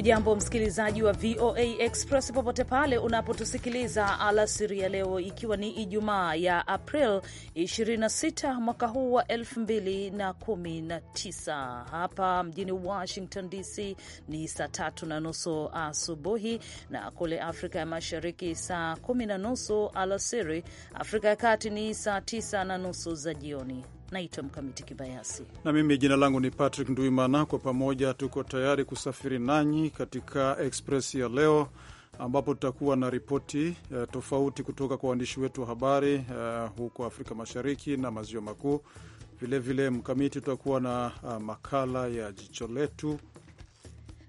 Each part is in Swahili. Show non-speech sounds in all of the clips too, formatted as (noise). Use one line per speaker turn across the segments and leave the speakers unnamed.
Hujambo msikilizaji wa VOA Express popote pale unapotusikiliza alasiri ya leo, ikiwa ni Ijumaa ya April 26 mwaka huu wa 2019. Hapa mjini Washington DC ni saa tatu na nusu asubuhi na kule Afrika ya Mashariki saa kumi na nusu alasiri. Afrika ya Kati ni saa tisa na nusu za jioni. Naitwa Mkamiti Kibayasi
na mimi jina langu ni Patrick Nduimana. Kwa pamoja tuko tayari kusafiri nanyi katika Express ya leo ambapo tutakuwa na ripoti uh, tofauti kutoka kwa waandishi wetu wa habari uh, huko Afrika Mashariki na Maziwa Makuu. Vilevile Mkamiti, tutakuwa na uh, makala ya jicho letu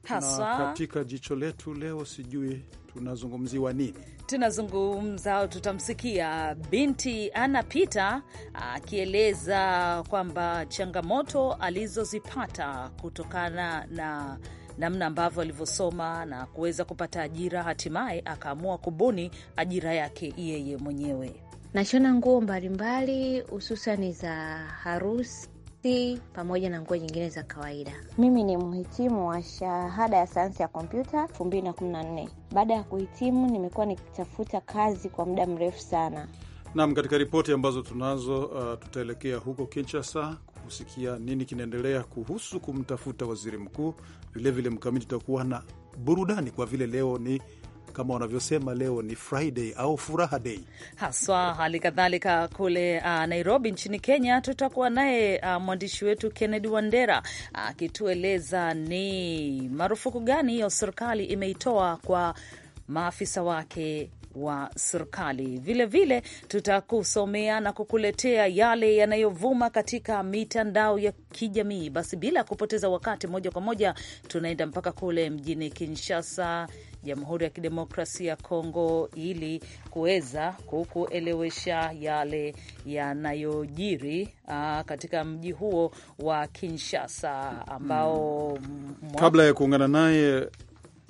hasa. Na katika
jicho letu leo sijui tunazungumziwa nini?
tunazungumza, tutamsikia binti Ana Pita akieleza kwamba changamoto alizozipata kutokana na namna ambavyo alivyosoma na kuweza kupata ajira, hatimaye akaamua kubuni ajira yake yeye mwenyewe.
Nashona nguo mbalimbali hususani za harusi C pamoja na nguo nyingine za kawaida. Mimi ni mhitimu wa shahada ya sayansi ya kompyuta 214 Baada ya kuhitimu, nimekuwa nikitafuta kazi kwa muda mrefu sana.
Naam, katika ripoti ambazo tunazo, uh, tutaelekea huko Kinshasa kusikia nini kinaendelea kuhusu kumtafuta waziri mkuu. Vilevile mkamiti utakuwa na burudani kwa vile leo ni kama wanavyosema leo ni Friday au furaha day
haswa. Hali kadhalika kule uh, Nairobi nchini Kenya, tutakuwa naye uh, mwandishi wetu Kennedy Wandera akitueleza uh, ni marufuku gani hiyo serikali imeitoa kwa maafisa wake wa serikali. Vilevile tutakusomea na kukuletea yale yanayovuma katika mitandao ya kijamii. Basi bila kupoteza wakati, moja kwa moja tunaenda mpaka kule mjini Kinshasa Jamhuri ya Kidemokrasia ya Kongo ili kuweza kukuelewesha yale yanayojiri uh, katika mji huo wa Kinshasa ambao mm. kabla
ya kuungana naye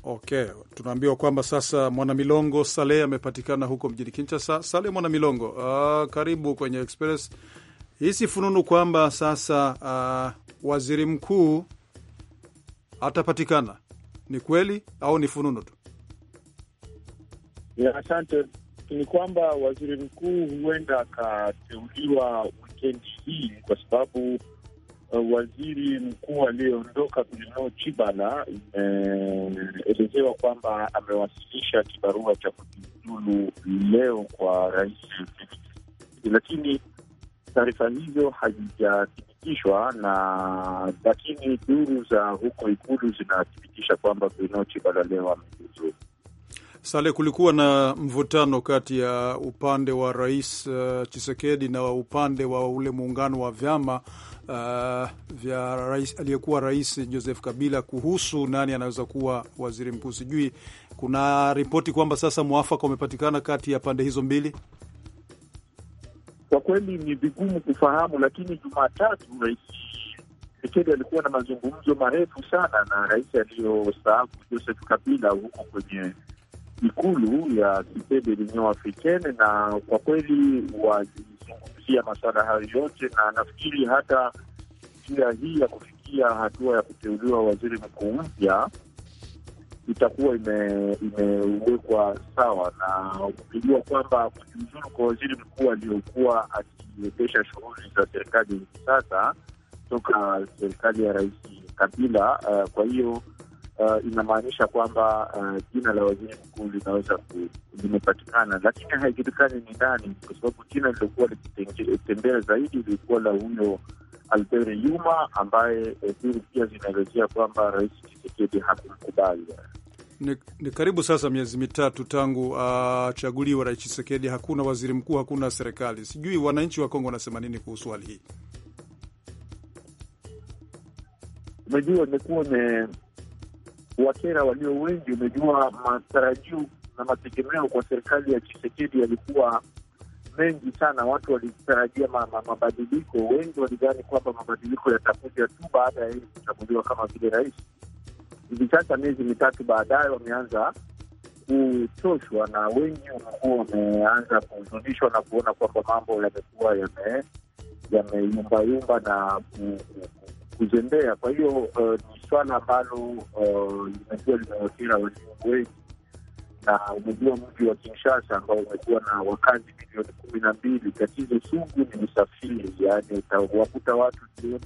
Okay, tunaambiwa kwamba sasa Mwanamilongo Saleh amepatikana huko mjini Kinshasa. Saleh Mwanamilongo, uh, ah, karibu kwenye Express. Hii si fununu kwamba sasa uh, waziri mkuu atapatikana, ni kweli au ni fununu tu?
Asante. Ni kwamba waziri mkuu huenda akateuliwa wikendi hii kwa sababu uh, waziri mkuu aliyeondoka Bruno Chibala imeelezewa eh, kwamba amewasilisha kibarua cha kujiuzulu leo kwa rais, lakini taarifa hizo hazijathibitishwa na, lakini duru za huko ikulu zinathibitisha kwamba Bruno Chibala leo amejiuzulu.
Sale, kulikuwa na mvutano kati ya upande wa rais uh, Chisekedi na upande wa ule muungano wa vyama uh, vya rais, aliyekuwa rais Joseph Kabila kuhusu nani anaweza kuwa waziri mkuu. Sijui kuna ripoti kwamba sasa mwafaka umepatikana kati ya pande hizo mbili. Kwa kweli ni vigumu kufahamu, lakini Jumatatu
rais chisekedi alikuwa na mazungumzo marefu sana na rais aliyostaafu Joseph Kabila huko kwenye ikulu ya kipede l'Union Africaine, na kwa kweli walizungumzia masuala hayo yote, na nafikiri hata njia hii ya kufikia hatua ya kuteuliwa waziri mkuu mpya itakuwa imewekwa ime sawa na ukijua kwamba kujiuzuru kwa waziri mkuu aliyokuwa akiendesha shughuli za serikali hivi sasa toka serikali ya Rais Kabila. Uh, kwa hiyo uh, inamaanisha kwamba uh, jina la waziri mkuu linaweza limepatikana, lakini haijulikani ni nani, kwa sababu jina lilokuwa likitembea zaidi lilikuwa la huyo Albert Yuma ambaye duru eh, pia zinaelezea kwamba rais Tshisekedi hakumkubali.
Ni, ni karibu sasa miezi mitatu tangu ah, achaguliwa uh, rais Tshisekedi, hakuna waziri mkuu, hakuna serikali. Sijui wananchi wa Kongo wanasema nini kuhusu hali hii.
Umejua imekuwa Wakera walio wengi, umejua matarajio na mategemeo kwa serikali ya Chisekedi yalikuwa mengi sana. Watu walitarajia mabadiliko, wengi walidhani kwamba mabadiliko yatakuja tu baada ya yeye kuchaguliwa kama vile rais. Hivi sasa miezi mitatu baadaye, wameanza kuchoshwa na wengi wamekuwa wameanza kuhuzunishwa na kuona kwamba mambo yamekuwa yameyumbayumba na kuzembea. Kwa hiyo uh, ni swala ambalo eh, limekuwa uh, limewakera walimwengu wengi, na umejua mji wa Kinshasa ambao umekuwa na wakazi milioni kumi na mbili, tatizo sugu ni usafiri, yaani wakuta watu jioni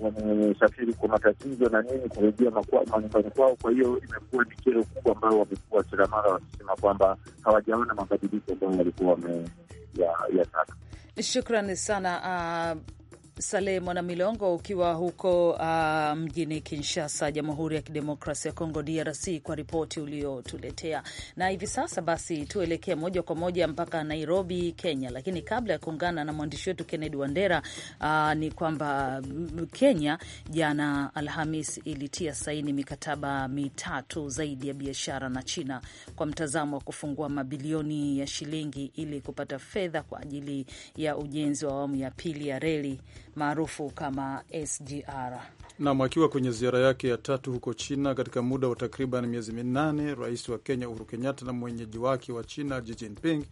wamesafiri kwa matatizo na nini kurejea manyumbani kwao. Kwa hiyo imekuwa ni kero kubwa ambayo wamekuwa kila mara wakisema kwamba hawajaona mabadiliko ambayo walikuwa wameyataka.
Shukrani sana uh... Saleh Mwanamilongo, ukiwa huko uh, mjini Kinshasa, Jamhuri ya Kidemokrasia ya Kongo, DRC, kwa ripoti uliotuletea. Na hivi sasa basi tuelekee moja kwa moja mpaka Nairobi, Kenya. Lakini kabla ya kuungana na mwandishi wetu Kennedy Wandera, uh, ni kwamba mm, Kenya jana Alhamis ilitia saini mikataba mitatu zaidi ya biashara na China kwa mtazamo wa kufungua mabilioni ya shilingi ili kupata fedha kwa ajili ya ujenzi wa awamu ya pili ya reli maarufu kama SGR.
Nam akiwa kwenye ziara yake ya tatu huko China katika muda wa takriban miezi minane, rais wa Kenya Uhuru Kenyatta na mwenyeji wake wa China Xi Jinping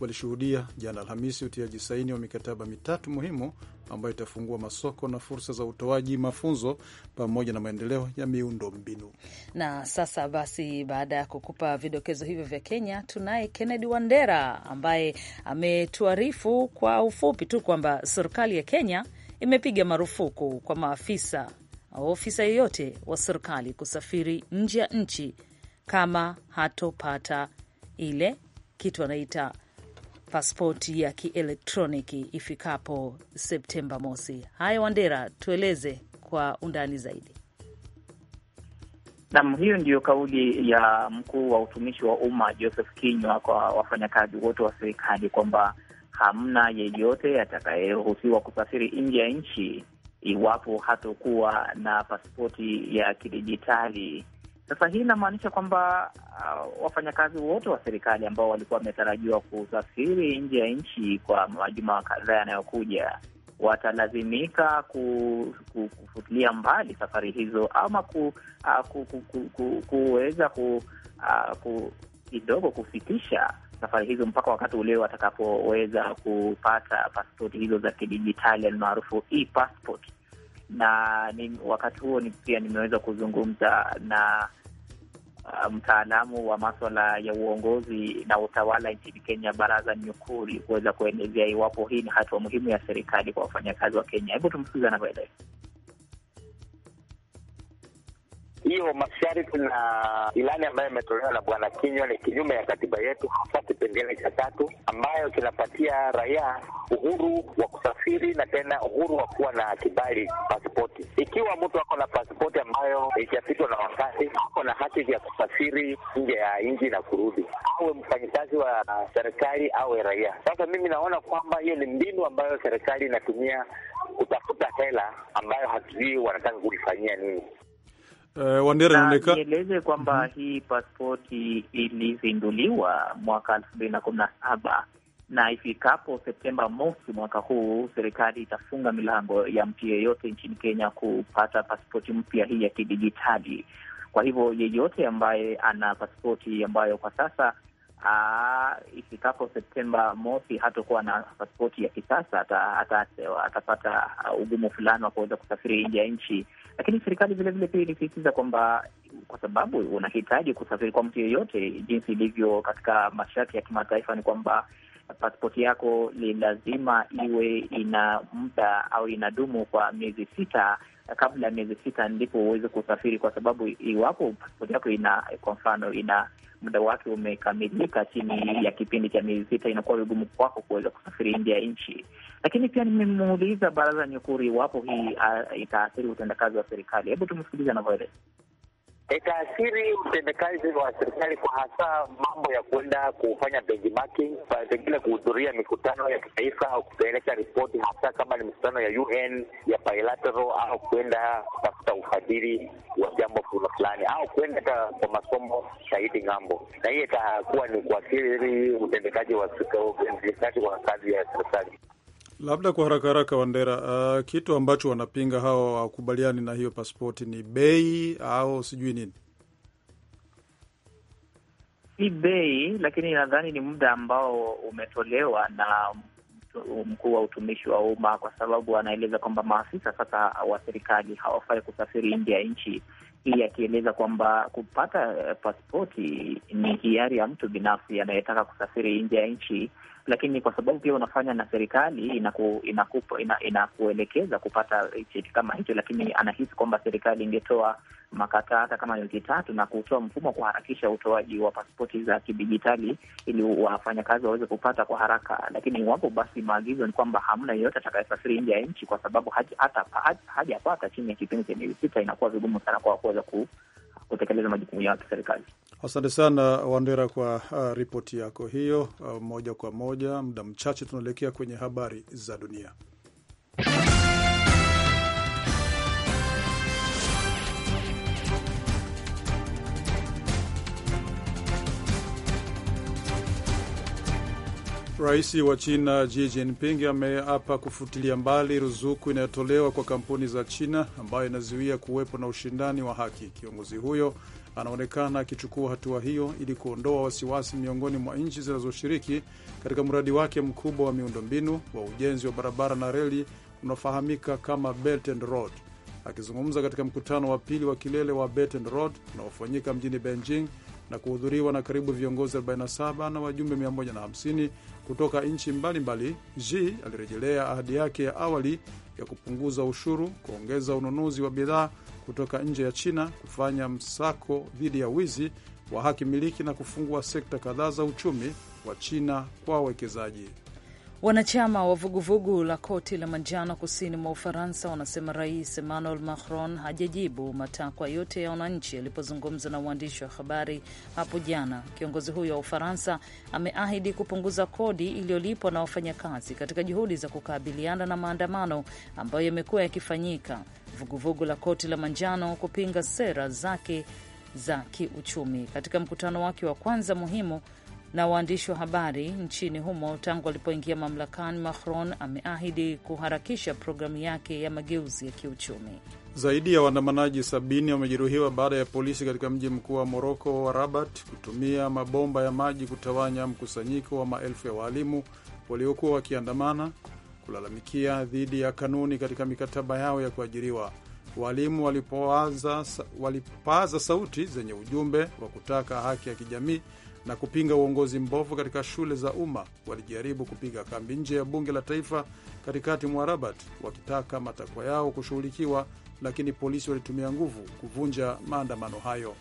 walishuhudia jana Alhamisi utiaji saini wa mikataba mitatu muhimu ambayo itafungua masoko na fursa za utoaji mafunzo pamoja na maendeleo ya miundo mbinu.
Na sasa basi, baada ya kukupa vidokezo hivyo vya Kenya, tunaye Kennedy Wandera ambaye ametuarifu kwa ufupi tu kwamba serikali ya Kenya imepiga marufuku kwa maafisa au ofisa yeyote wa serikali kusafiri nje ya nchi kama hatopata ile kitu anaita paspoti ya kielektroniki ifikapo Septemba mosi. Haya, Wandera, tueleze kwa undani zaidi.
Nam, hiyo ndiyo kauli ya mkuu wa utumishi wa umma Joseph Kinywa kwa wafanyakazi wote wa serikali kwamba hamna yeyote atakayeruhusiwa kusafiri nje ya nchi iwapo hatokuwa na pasipoti ya kidijitali. Sasa hii inamaanisha kwamba uh, wafanyakazi wote wa serikali ambao walikuwa wametarajiwa kusafiri nje ya nchi kwa majuma kadhaa yanayokuja watalazimika kufutilia mbali safari hizo ama ku, uh, ku, ku, ku, ku, kuweza ku, uh, ku kidogo kufikisha safari hizo mpaka wakati ule watakapoweza kupata paspoti hizo za kidijitali almaarufu e-passport. Na ni, wakati huo ni, pia nimeweza kuzungumza na uh, mtaalamu wa maswala ya uongozi na utawala nchini Kenya, Baraza Nyukuri, kuweza kuelezea iwapo hii ni hatua muhimu ya serikali kwa wafanyakazi wa Kenya. Hebu tumsikize anavyoeleza.
hiyo masharti na
ilani ambayo imetolewa na Bwana Kinywa ni kinyume ya katiba yetu, hasa kipengele cha tatu ambayo kinapatia raia uhuru wa kusafiri na tena uhuru wa kuwa na kibali pasipoti. Ikiwa mtu ako na pasipoti ambayo haijapitwa na wakati, ako na haki ya kusafiri nje
ya nchi na
kurudi, awe mfanyikazi wa serikali awe raia. Sasa mimi naona kwamba hiyo ni mbinu ambayo serikali inatumia kutafuta hela ambayo hatujui wanataka kulifanyia nini.
Eh, nieleze kwamba
mm -hmm. hii paspoti ilizinduliwa mwaka elfu mbili na kumi na saba na ifikapo Septemba mosi mwaka huu serikali itafunga milango ya mtu yeyote nchini Kenya kupata paspoti mpya hii ya kidijitali. Kwa hivyo yeyote ambaye ana paspoti ambayo kwa sasa ifikapo Septemba mosi hatakuwa na paspoti ya kisasa, atapata ata, ata, ata ugumu fulani wa kuweza kusafiri nje ya nchi lakini serikali vilevile pia ilisisitiza kwamba kwa sababu unahitaji kusafiri kwa mtu yeyote, jinsi ilivyo katika masharti ya kimataifa ni kwamba paspoti yako ni lazima iwe ina muda au inadumu kwa miezi sita. Kabla ya miezi sita ndipo uweze kusafiri, kwa sababu iwapo paspoti yako ina, kwa mfano ina muda wake umekamilika, chini ya kipindi cha miezi sita, inakuwa vigumu kwako kuweza kusafiri nje ya nchi. Lakini pia nimemuuliza Baraza Nyukuri iwapo hii ah, itaathiri utendakazi wa serikali. Hebu tumsikilize anavyoeleza
itaathiri
utendekazi wa serikali kwa hasa mambo ya kwenda kufanya benchmarking, pengine kuhudhuria mikutano ya kitaifa au kupeleka ripoti, hasa kama ni mikutano ya UN ya bilateral, au kwenda kutafuta ufadhili wa jambo fulani, au kuenda hata kwa masomo saidi ng'ambo, na hii itakuwa ni kuathiri utendekaji
wa kazi ya serikali.
Labda kwa haraka haraka, Wandera, uh, kitu ambacho wanapinga hawa wakubaliani na hiyo paspoti ni bei au sijui nini?
Ni bei, lakini nadhani ni muda ambao umetolewa na mkuu wa utumishi wa umma, kwa sababu anaeleza kwamba maafisa sasa wa serikali hawafai kusafiri nje ya nchi pia akieleza kwamba kupata eh, pasipoti ni hiari ya mtu binafsi anayetaka kusafiri nje ya nchi, lakini kwa sababu pia unafanya na serikali inaku, inakupa, ina, inakuelekeza kupata cheti kama hicho, lakini anahisi kwamba serikali ingetoa makataa hata kama wiki tatu, na kutoa mfumo wa kuharakisha utoaji wa paspoti za kidijitali ili wafanyakazi waweze kupata kwa haraka. Lakini iwapo basi maagizo ni kwamba hamna yeyote atakayesafiri nje ya nchi kwa sababu hajapata chini ya kipindi cha miezi sita, inakuwa vigumu sana kwa kuweza ku, kutekeleza majukumu yao ya
kiserikali. Asante sana Wandera kwa uh, ripoti yako hiyo. Uh, moja kwa moja, muda mchache tunaelekea kwenye habari za dunia. Rais wa China Xi Jinping ameapa kufutilia mbali ruzuku inayotolewa kwa kampuni za China ambayo inazuia kuwepo na ushindani wa haki. Kiongozi huyo anaonekana akichukua hatua hiyo ili kuondoa wasiwasi miongoni mwa nchi zinazoshiriki katika mradi wake mkubwa wa miundombinu wa ujenzi wa barabara na reli unaofahamika kama Belt and Road. Akizungumza katika mkutano wa pili wa kilele wa Belt and Road unaofanyika mjini Beijing, na kuhudhuriwa na karibu viongozi 47 na wajumbe 150 kutoka nchi mbalimbali. Xi alirejelea ahadi yake ya awali ya kupunguza ushuru, kuongeza ununuzi wa bidhaa kutoka nje ya China, kufanya msako dhidi ya wizi wa haki miliki na kufungua sekta kadhaa za uchumi wa China kwa wawekezaji.
Wanachama wa vuguvugu la koti la manjano kusini mwa Ufaransa wanasema Rais Emmanuel Macron hajajibu matakwa yote ya wananchi alipozungumza na waandishi wa habari hapo jana. Kiongozi huyo wa Ufaransa ameahidi kupunguza kodi iliyolipwa na wafanyakazi katika juhudi za kukabiliana na maandamano ambayo yamekuwa yakifanyika vuguvugu la koti la manjano kupinga sera zake za kiuchumi. Katika mkutano wake wa kwanza muhimu na waandishi wa habari nchini humo tangu alipoingia mamlakani. Macron ameahidi kuharakisha programu yake ya mageuzi ya
kiuchumi. Zaidi ya waandamanaji sabini wamejeruhiwa baada ya polisi katika mji mkuu wa Moroko wa Rabat kutumia mabomba ya maji kutawanya mkusanyiko wa maelfu ya waalimu waliokuwa wakiandamana kulalamikia dhidi ya kanuni katika mikataba yao ya kuajiriwa. Waalimu walipaaza sauti zenye ujumbe wa kutaka haki ya kijamii na kupinga uongozi mbovu katika shule za umma walijaribu kupiga kambi nje ya bunge la taifa katikati mwa Rabat wakitaka matakwa yao kushughulikiwa, lakini polisi walitumia nguvu kuvunja maandamano hayo.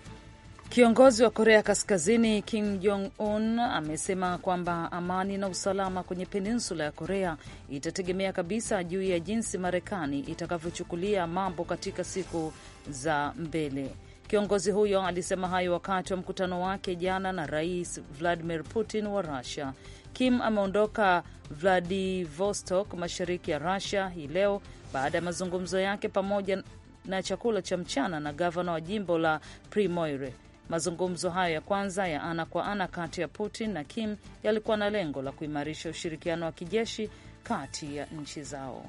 Kiongozi wa Korea Kaskazini Kim Jong Un amesema kwamba amani na usalama kwenye peninsula ya Korea itategemea kabisa juu ya jinsi Marekani itakavyochukulia mambo katika siku za mbele. Kiongozi huyo alisema hayo wakati wa mkutano wake jana na Rais Vladimir Putin wa Russia. Kim ameondoka Vladivostok, mashariki ya Russia, hii leo baada ya mazungumzo yake pamoja na chakula cha mchana na gavana wa jimbo la Primoire. Mazungumzo hayo ya kwanza ya ana kwa ana kati ya Putin na Kim yalikuwa na lengo la kuimarisha ushirikiano wa kijeshi kati ya nchi zao.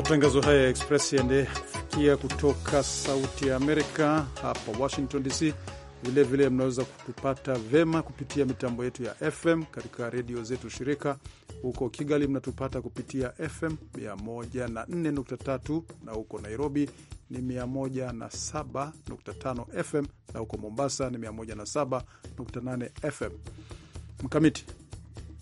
Matangazo haya ya Express yanayefikia kutoka Sauti ya Amerika hapa Washington DC. Vilevile mnaweza kutupata vema kupitia mitambo yetu ya FM katika redio zetu shirika. Huko Kigali mnatupata kupitia FM 104.3 na huko Nairobi ni 107.5 FM na huko Mombasa ni 107.8 FM. Mkamiti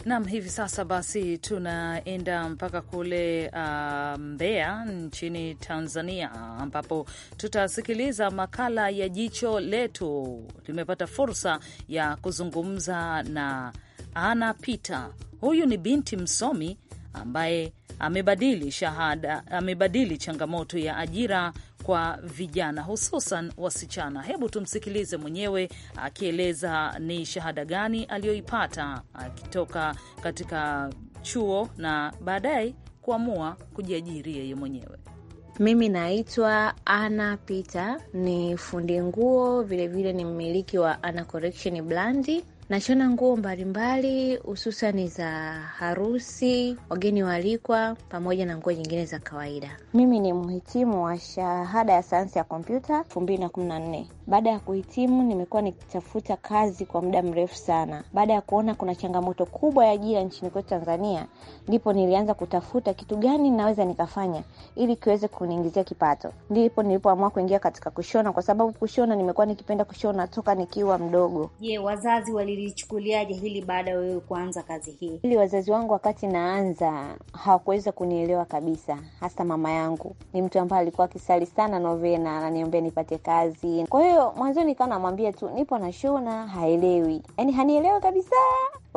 Nam, hivi sasa basi tunaenda mpaka kule uh, Mbeya nchini Tanzania, ambapo tutasikiliza makala ya Jicho Letu. limepata fursa ya kuzungumza na Ana Peter. Huyu ni binti msomi ambaye amebadili shahada, amebadili changamoto ya ajira kwa vijana hususan wasichana. Hebu tumsikilize mwenyewe akieleza ni shahada gani aliyoipata akitoka katika chuo na baadaye kuamua kujiajiri yeye mwenyewe.
Mimi naitwa Ana Peter, ni fundi nguo, vilevile ni mmiliki wa Ana Correction Blandi Nashona nguo mbalimbali hususani za harusi, wageni waalikwa, pamoja na nguo nyingine za kawaida. Mimi ni mhitimu wa shahada ya sayansi ya kompyuta elfu mbili na kumi na nne. Baada ya kuhitimu, nimekuwa nikitafuta kazi kwa muda mrefu sana. Baada ya kuona kuna changamoto kubwa ya ajira nchini kwetu Tanzania, ndipo nilianza kutafuta kitu gani naweza nikafanya ili kiweze kuniingizia kipato. Ndipo nilipoamua kuingia katika kushona, kwa sababu kushona nimekuwa nikipenda kushona toka nikiwa mdogo. Je, wazazi wali ulichukuliaje hili baada ya wewe kuanza kazi hii? Ili wazazi wangu wakati naanza hawakuweza kunielewa kabisa, hasa mama yangu ni mtu ambaye alikuwa akisali sana novena, ananiombea nipate kazi. Kwa hiyo mwanzoni nikawa namwambia tu nipo nashona, haelewi, yaani hanielewa kabisa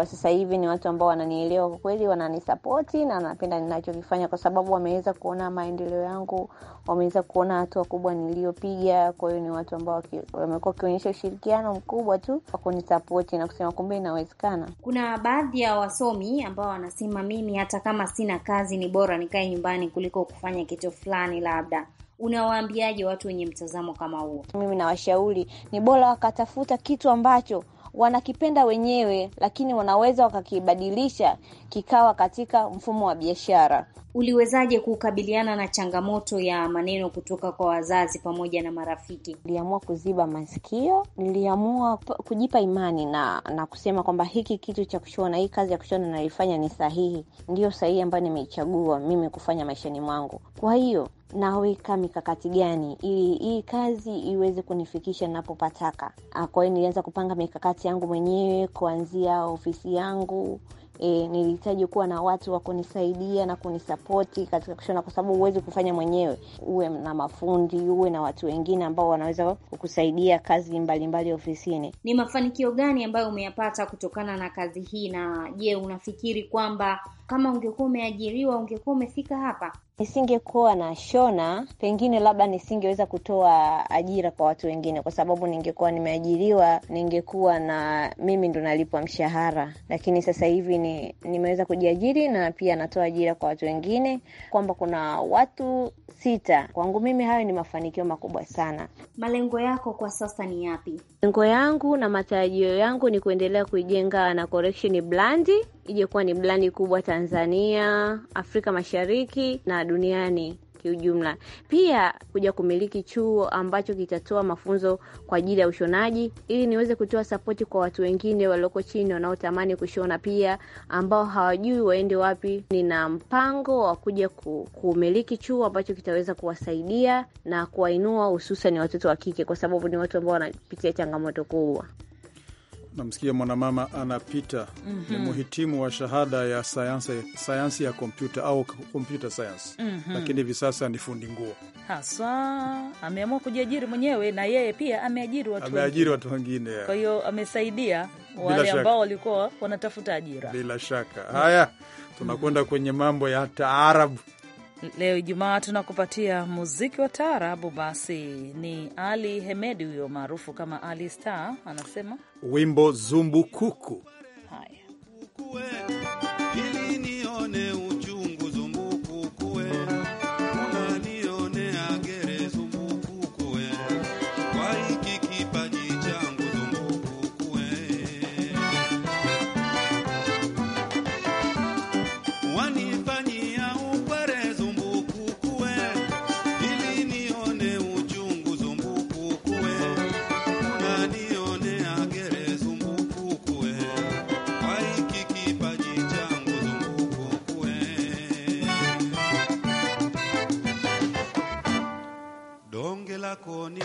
kwa sasa hivi ni watu ambao wananielewa kwa kweli, wananisapoti na wanapenda ninachokifanya, kwa sababu wameweza kuona maendeleo yangu, wameweza kuona hatua kubwa niliyopiga. Kwa hiyo ni watu ambao wamekuwa wakionyesha ushirikiano mkubwa tu wa kunisapoti na kusema kumbe inawezekana. Kuna baadhi ya wasomi ambao wanasema mimi hata kama sina kazi ni bora nikae nyumbani kuliko kufanya kitu fulani labda Unawaambiaje watu wenye mtazamo kama huo? Mimi nawashauri ni bora wakatafuta kitu ambacho wanakipenda wenyewe, lakini wanaweza wakakibadilisha kikawa katika mfumo wa biashara. Uliwezaje kukabiliana na changamoto ya maneno kutoka kwa wazazi pamoja na marafiki? Niliamua kuziba masikio, niliamua kujipa imani na na kusema kwamba hiki kitu cha kushona, hii kazi ya kushona naifanya ni sahihi, ndiyo sahihi ambayo nimeichagua mimi kufanya maishani mwangu. Kwa hiyo naweka mikakati gani ili hii kazi iweze kunifikisha napopataka. Ah, kwa hiyo nilianza kupanga mikakati yangu mwenyewe kuanzia ofisi yangu. E, nilihitaji kuwa na watu wa kunisaidia na kunisapoti katika kushona, kwa sababu huwezi kufanya mwenyewe. Uwe na mafundi, uwe na watu wengine ambao wanaweza kukusaidia kazi mbalimbali mbali ofisini. Ni mafanikio gani ambayo umeyapata kutokana na kazi hii, na je, unafikiri kwamba kama ungekuwa umeajiriwa ungekuwa umefika hapa? Nisingekuwa na shona, pengine labda nisingeweza kutoa ajira kwa watu wengine, kwa sababu ningekuwa nimeajiriwa, ningekuwa na mimi ndo nalipwa mshahara. Lakini sasa hivi ni nimeweza kujiajiri na pia natoa ajira kwa watu wengine, kwamba kuna watu sita. Kwangu mimi hayo ni mafanikio makubwa sana. Malengo yako kwa sasa ni yapi? Lengo yangu na matarajio yangu ni kuendelea kuijenga na Correction Brand ije kuwa ni blani kubwa Tanzania, Afrika Mashariki na duniani kiujumla. Pia kuja kumiliki chuo ambacho kitatoa mafunzo kwa ajili ya ushonaji, ili niweze kutoa sapoti kwa watu wengine walioko chini wanaotamani kushona pia, ambao hawajui waende wapi. Nina mpango wa kuja kumiliki chuo ambacho kitaweza kuwasaidia na kuwainua, hususan watoto wa kike, kwa sababu ni watu ambao wanapitia changamoto kubwa
namsikia mwanamama anapita mm -hmm. ni mhm. muhitimu wa shahada ya sayansi, sayansi ya kompyuta au kompyuta sayansi mm -hmm. lakini hivi sasa ni fundi nguo
haswa. Ameamua kujiajiri mwenyewe na yeye pia ameajiri watu, ameajiri
watu wengine, kwa
hiyo amesaidia wale ambao walikuwa wanatafuta ajira
bila shaka. Haya, tunakwenda mm -hmm. kwenye mambo ya taarabu
Leo Ijumaa tunakupatia muziki wa taarabu. Basi ni Ali Hemedi huyo maarufu kama Ali Star, anasema
wimbo Zumbukuku. lako ni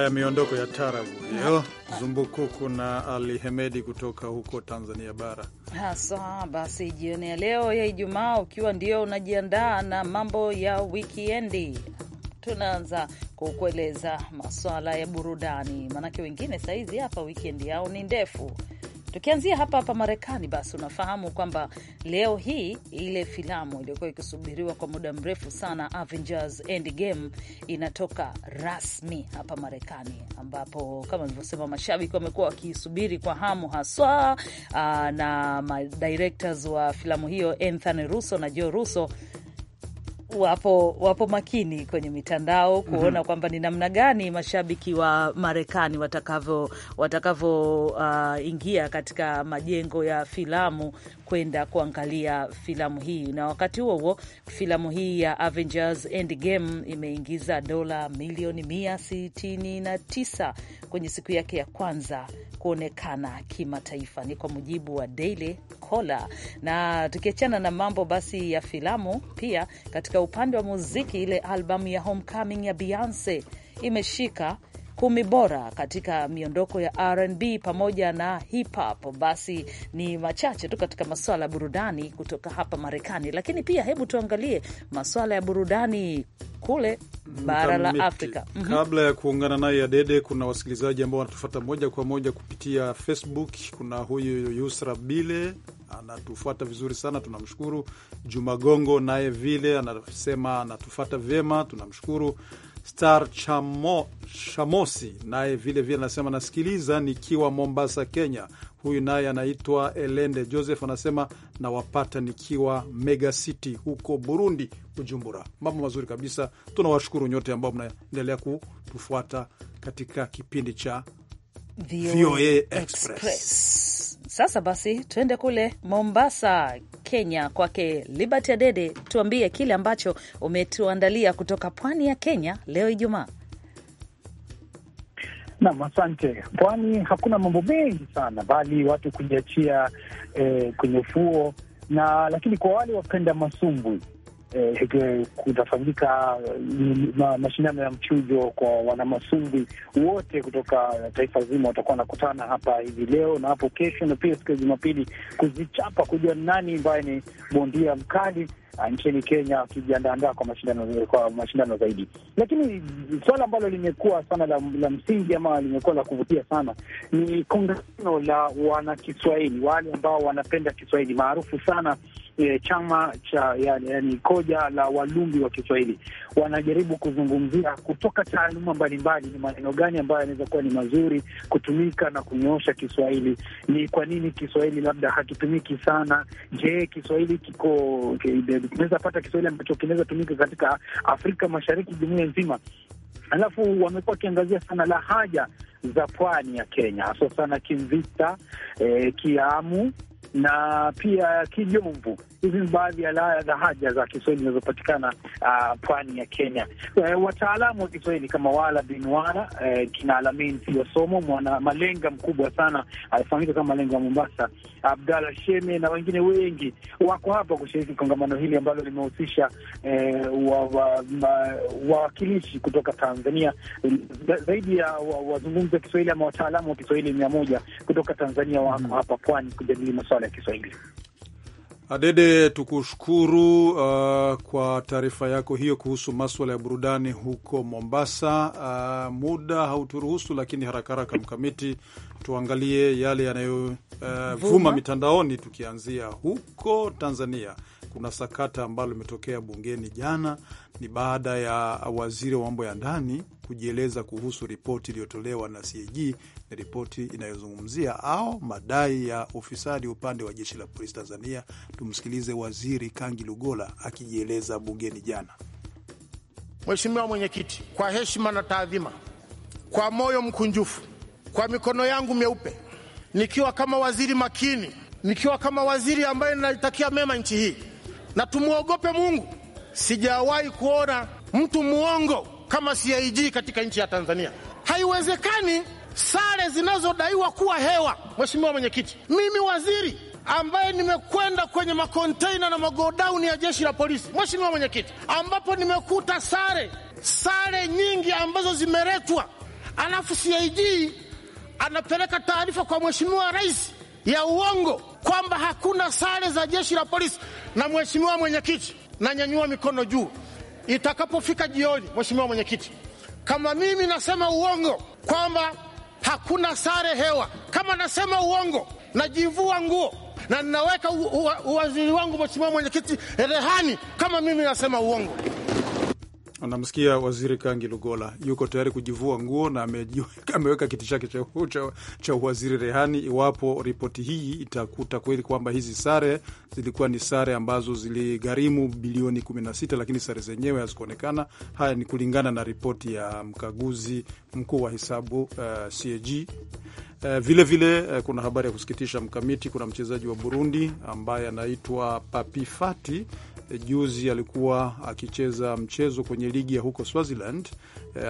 Haya, miondoko ya tarabu hiyo, Zumbukuku na Ali Hemedi kutoka huko Tanzania bara
haswa. Basi jioni ya leo ya Ijumaa, ukiwa ndio unajiandaa na mambo ya wikiendi, tunaanza kukueleza maswala ya burudani, maanake wengine sahizi hapa wikendi yao ni ndefu Tukianzia hapa hapa Marekani, basi unafahamu kwamba leo hii ile filamu iliyokuwa ikisubiriwa kwa muda mrefu sana Avengers Endgame inatoka rasmi hapa Marekani, ambapo kama nilivyosema mashabiki wamekuwa wakiisubiri kwa hamu haswa. Ah, na madirectors wa filamu hiyo Anthony Russo na Joe Russo wapo, wapo makini kwenye mitandao kuona mm -hmm. kwamba ni namna gani mashabiki wa Marekani watakavyo watakavyoingia uh, katika majengo ya filamu kwenda kuangalia filamu hii, na wakati huo huo filamu hii ya Avengers Endgame imeingiza dola milioni 169 kwenye siku yake ya kwanza kuonekana kimataifa, ni kwa mujibu wa Daily Caller. Na tukiachana na mambo basi ya filamu, pia katika katika upande wa muziki, ile albamu ya Homecoming ya Beyonce imeshika kumi bora katika miondoko ya rnb pamoja na hip hop. Basi ni machache tu katika maswala ya burudani kutoka hapa Marekani, lakini pia hebu tuangalie maswala ya burudani kule bara la Afrika. mm -hmm.
Kabla ya kuungana naye Adede, kuna wasikilizaji ambao wanatufata moja kwa moja kupitia Facebook. Kuna huyu Yusra Bile anatufuata vizuri sana, tunamshukuru. Juma Gongo naye vile anasema anatufata vyema, tunamshukuru. Star Chamo, Chamosi naye vile vile anasema nasikiliza nikiwa Mombasa, Kenya. Huyu naye anaitwa Elende Joseph anasema nawapata nikiwa Mega City huko Burundi, Bujumbura. Mambo mazuri kabisa, tunawashukuru nyote ambao mnaendelea kutufuata katika kipindi cha VOA Express.
Sasa basi tuende kule Mombasa, Kenya, kwake Liberty Adede, tuambie kile ambacho umetuandalia kutoka pwani ya Kenya leo Ijumaa.
Nam, asante. Pwani hakuna mambo mengi sana, bali watu kujiachia eh, kwenye ufuo na, lakini kwa wale wapenda masumbwi eh, kutafanyika eh, mashindano ya mchujo kwa wanamasumbwi wote kutoka taifa zima watakuwa wanakutana hapa hivi leo na hapo kesho na pia siku ya Jumapili kuzichapa, kujua nani ambaye ni bondia mkali Ah, nchini Kenya wakijiandaandaa kwa mashindano kwa mashindano zaidi. Lakini swala ambalo limekuwa sana la, la msingi ama limekuwa la kuvutia sana ni kongamano la wanakiswahili wale ambao wanapenda Kiswahili maarufu sana e, chama cha yani, yani koja la walumbi wa Kiswahili wanajaribu kuzungumzia kutoka taaluma mbalimbali ni maneno gani ambayo yanaweza kuwa ni mazuri kutumika na kunyoosha Kiswahili. Ni kwa nini Kiswahili labda hakitumiki sana? Je, Kiswahili kiko okay, tunaweza pata Kiswahili ambacho kinaweza tumika katika Afrika Mashariki, jumuia nzima. Alafu wamekuwa wakiangazia sana lahaja za pwani ya Kenya, hasa sana Kimvita, eh, Kiamu na pia kijomvu. Hizi ni baadhi ya laya za haja za Kiswahili zinazopatikana uh, pwani ya Kenya. Uh, wataalamu wa Kiswahili kama Wala bin uh, kina Alamin Siyosomo, mwana malenga mkubwa sana alifahamika kama malenga wa Mombasa, Abdalla Sheme na wengine wengi wako hapa kushiriki kongamano hili ambalo limehusisha uh, eh, wawakilishi wa, wa, kutoka Tanzania zaidi ya wazungumzi wa wa Kiswahili ama wataalamu wa Kiswahili mia moja kutoka Tanzania wako mm. hapa pwani kujadili masuala idhaa ya Kiswahili.
Adede, tukushukuru uh, kwa taarifa yako hiyo kuhusu maswala ya burudani huko Mombasa. Uh, muda hauturuhusu, lakini haraka haraka mkamiti, tuangalie yale yanayovuma uh, mitandaoni, tukianzia huko Tanzania. Kuna sakata ambalo limetokea bungeni jana, ni baada ya waziri wa mambo ya ndani kujieleza kuhusu ripoti iliyotolewa na CAG. Ni ripoti inayozungumzia au madai ya ufisadi upande wa jeshi la polisi Tanzania. Tumsikilize Waziri Kangi Lugola akijieleza bungeni jana.
Mheshimiwa Mwenyekiti, kwa heshima na taadhima, kwa moyo mkunjufu, kwa mikono yangu meupe, nikiwa kama waziri makini, nikiwa kama waziri ambaye nalitakia mema nchi hii, na tumwogope Mungu, sijawahi kuona mtu mwongo kama CAG katika nchi ya Tanzania. Haiwezekani sare zinazodaiwa kuwa hewa. Mheshimiwa Mwenyekiti, mimi waziri ambaye nimekwenda kwenye makonteina na magodauni ya jeshi la polisi, Mheshimiwa Mwenyekiti, ambapo nimekuta sare sare nyingi ambazo zimeletwa, alafu CAG anapeleka taarifa kwa Mheshimiwa Rais ya uongo kwamba hakuna sare za jeshi la polisi. Na Mheshimiwa Mwenyekiti, nanyanyua mikono juu Itakapofika jioni, mheshimiwa mwenyekiti, kama mimi nasema uongo kwamba hakuna sare hewa, kama nasema uongo, najivua nguo na ninaweka uwaziri wangu mheshimiwa mwenyekiti rehani, kama mimi nasema uongo.
Namsikia Waziri Kangi Lugola yuko tayari kujivua nguo na (laughs) ameweka kiti chake cha uwaziri rehani iwapo ripoti hii itakuta kweli kwamba hizi sare zilikuwa ni sare ambazo ziligharimu bilioni 16, lakini sare zenyewe hazikuonekana. Haya ni kulingana na ripoti ya mkaguzi mkuu wa hesabu uh, eh, CAG Vilevile eh, vile, eh, kuna habari ya kusikitisha mkamiti, kuna mchezaji wa Burundi ambaye anaitwa Papifati eh, Juzi alikuwa akicheza mchezo kwenye ligi ya huko Swaziland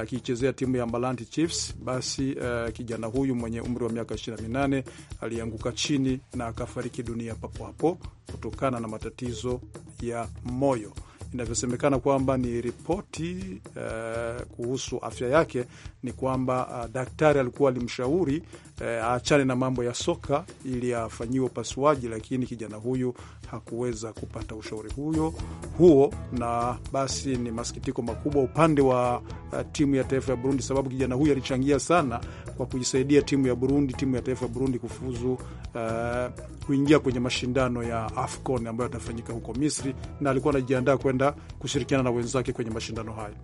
akiichezea timu ya Mbalanti Chiefs. Basi kijana huyu mwenye umri wa miaka 28 alianguka chini na akafariki dunia papo hapo kutokana na matatizo ya moyo inavyosemekana kwamba ni ripoti uh, kuhusu afya yake, ni kwamba uh, daktari alikuwa alimshauri eh, aachane uh, na mambo ya soka ili afanyiwe upasuaji, lakini kijana huyu hakuweza kupata ushauri huyo huo, na basi ni masikitiko makubwa upande wa uh, timu ya taifa ya Burundi, sababu kijana huyu alichangia sana kwa kuisaidia timu ya Burundi, timu ya taifa ya Burundi kufuzu Eh, kuingia uh, kwenye mashindano ya AFCON ambayo yatafanyika huko Misri, na alikuwa anajiandaa kwenda kushirikiana na wenzake kwenye mashindano hayo.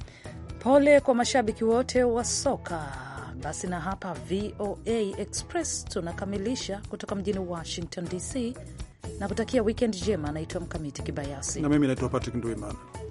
Pole kwa mashabiki wote wa soka. Basi na hapa VOA Express tunakamilisha kutoka mjini Washington DC na kutakia wikendi njema. Naitwa Mkamiti Kibayasi na
mimi naitwa Patrick Nduimana.